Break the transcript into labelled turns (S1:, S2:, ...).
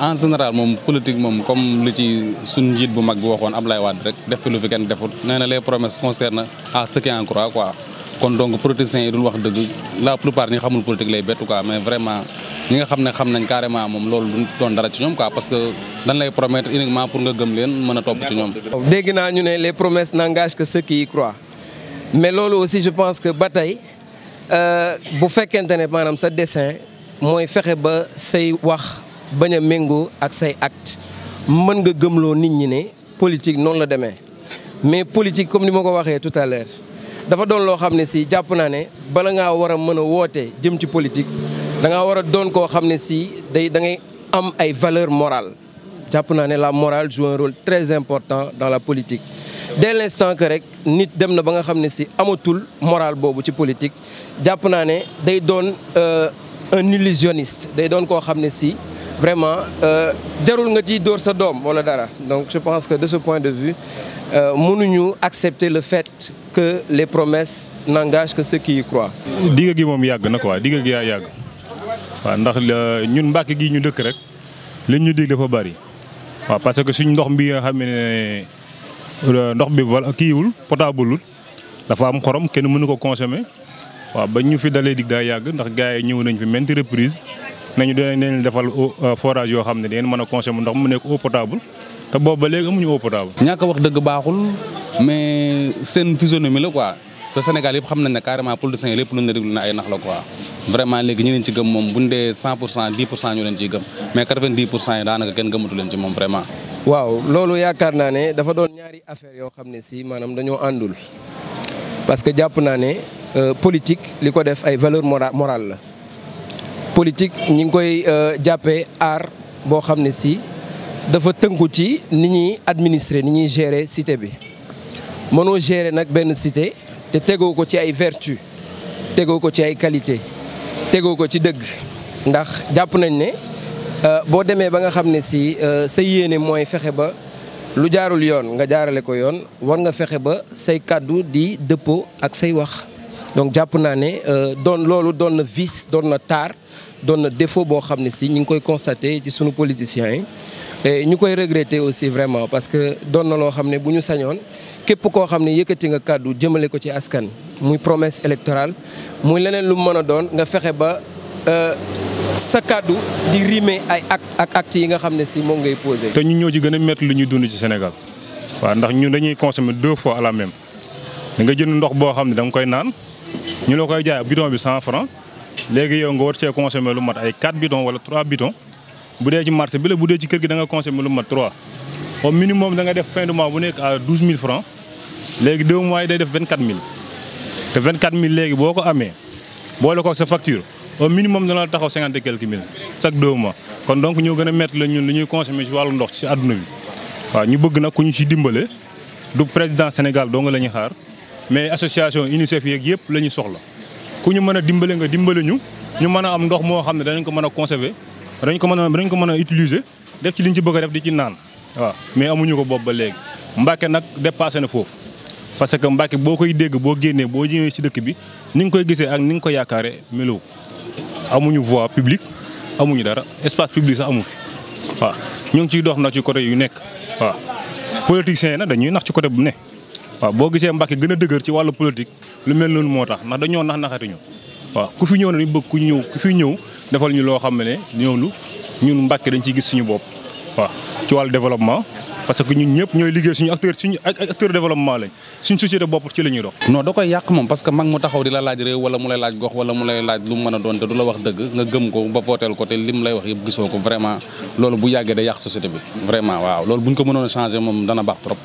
S1: en général moom politique moom comme lu ci suñ njiit bu mag bi waxoon Ablaye Wade rek def fi lu fi kenn defut nee na les promesses concernent à en croit kon donc wax dëgg la plupart ñi xamul politique lay bett mais vraiment ñi nga xam ne xam nañ carrément moom loolu du doon dara ci ñoom quoi parce que dañ lay promettre uniquement pour nga gëm leen mën a topp ci ñoom.
S2: dégg naa ñu ne les promesses n'engagent que ceux qui y mais loolu aussi je pense que ba tey euh, bu fekkente ne maanaam sa dessein mooy fexe ba say wax. bañ a méngoo ak say acte mën nga gëm loo nit ñi ne politique noonu la demee mais politique comme ni ma ko waxee tout à dafa doon loo xam ne si jàpp naa ne bala ngaa war a mën a woote jëm ci politique da ngaa war a doon koo xam ne si day da ngay am ay valeur morale jàpp naa ne la morale joue un rôle très important dans la politique dès l'instant que rek nit dem na ba nga xam ne si amatul morale boobu ci politique jàpp naa ne day doon euh, un illusionniste day doon koo xam ne si vraiment euh, jarul nga ciy dóor sa doom wala dara donc je pense que de ce point de vue euh, mënuñu accepter le fait que les promesses n'engagent que ceux qui y croient. digg
S3: gi moom yàgg na quoi digg gi yaa yàgg waaw ndax euh, ñun Mbàkke gi ñu dëkk rek li ñu dig dafa bari waaw parce que suñ ndox bi nga xam ne ndox bi wala kiiwul potable dafa am xorom kenn mënu ko consommer waaw ba ñu fi dalee dig daa yàgg ndax gars yi ñëw nañ fi maintes reprises nañu dinañ defal euh, forage yoo xam
S1: ne dangeen a consommer ndox mu nekk seen physionomie la quoi te Sénégal yëpp xam nañ ne carrément politiciens yi lépp lu leen ci gëm moom bu pour cent 10 leen ciy gëm mais 90 pour daanaka kenn gëmatu ci moom vraiment.
S2: waaw loolu yaakaar naa ne dafa doon ñaari affaire yoo xam ne si maanaam dañoo àndul parce que jàpp naa ne euh, politique li ko def ay valeur morale la. politique ñi ngi koy euh, jàppee aar boo xam ne si dafa tënku ci ni ñuy administrer ni ñuy gérer cité bi mënoo gérer nag benn cité te tegoo ko ci ay vertu tegoo ko ci ay qualité tegoo ko ci dëgg ndax jàpp nañ ne euh, boo demee ba nga xam ne si euh, sa yéene mooy fexe ba lu jaarul yoon nga jaarale ko yoon war nga fexe ba say kàddu di dëppoo ak say wax donc jàpp naa ne euh, doon loolu doon na vice na taar doon na défaut boo xam ne si ñu ngi koy constaté ci suñu politiciens yi. ñu koy regretter aussi vraiment parce que doon na loo xam ne bu ñu sañoon képp koo xam ne yëkkati nga kàddu jëmale ko ci askan. muy promesse électorale muy leneen lu mën a doon nga fexe ba euh, sa kàddu di rimer ay acte ak actes yi nga xam ne si moom ngay posé. te
S3: ñu ñëw ci gën a métti lu ñuy dund ci Sénégal waa ndax ñun dañuy consommer deux fois la même da nga jënd ndox boo xam ne da nga koy naan. ñu loo koy jaay bidon bi 100 francs léegi yow nga war cee consommer lu mat ay 4 bidon wala 3 bidon bu dee ci marché bi la bu dee ci kër gi da nga consommer lu mat 3 o minimum da nga def fin de mois bu nekk à 12000 francs léegi 2 mois yi day def 24000 te 24000 léegi boo ko amee boole ko ak sa facture au minimum dana la taxaw 50 et quelques mille chaque mois kon donc ñoo gën a métti la ñun lu ñuy consommer ci wàllu ndox ci àdduna bi waaw ñu bëgg nag ku ñu ci dimbale du président Sénégal doo la ñuy xaar mais association UNICEF yeeg yëpp lañu soxla ku ñu mën a dimbale nga dimbale ñu ñu mën a am ndox moo xam ne danañ ko mën a conserver dañ ko mën a dañ ko mën a utiliser def ci liñ ci bëgg def di ci naan waaw mais amuñu ko boobu ba léegi Mbàkke nag dépassé na foofu parce que Mbàkke boo koy dégg boo génnee boo ñëwee si dëkk bi ni nga koy gisee ak ni nga ko yaakaare melo amuñu voie publique amuñu dara espace public sax amu fi waaw ñu ngi ciy dox na ci côté yu nekk waaw politiciens yi nag dañuy nax ci côté bu ne waaw boo gisee Mbacke gën a dëgër ci wàllu politique lu mel noonu moo tax ndax dañoo nax naxatuñu waaw ku fi ñëw na ñu bëgg ku ñëw ku fi ñëw defal ñu loo xam ne ñoonu ñun Mbacke dañ ciy gis suñu bopp waaw ci wàllu développement parce ñun ñëpp ñooy liggéey suñu acteur suñu acteur développement lañ suñ société bopp ci la ñuy dox non da koy yàq moom parce que mag mu taxaw
S1: di la laaj réew wala mu lay laaj gox wala mu lay laaj lu mu a doon te du la wax dëgg nga gëm ko ba vooteel ko te lim lay wax yëpp gisoo ko vraiment loolu bu yàggee day yàq bi vraiment waaw loolu buñ ko mënoon a moom dana baax trop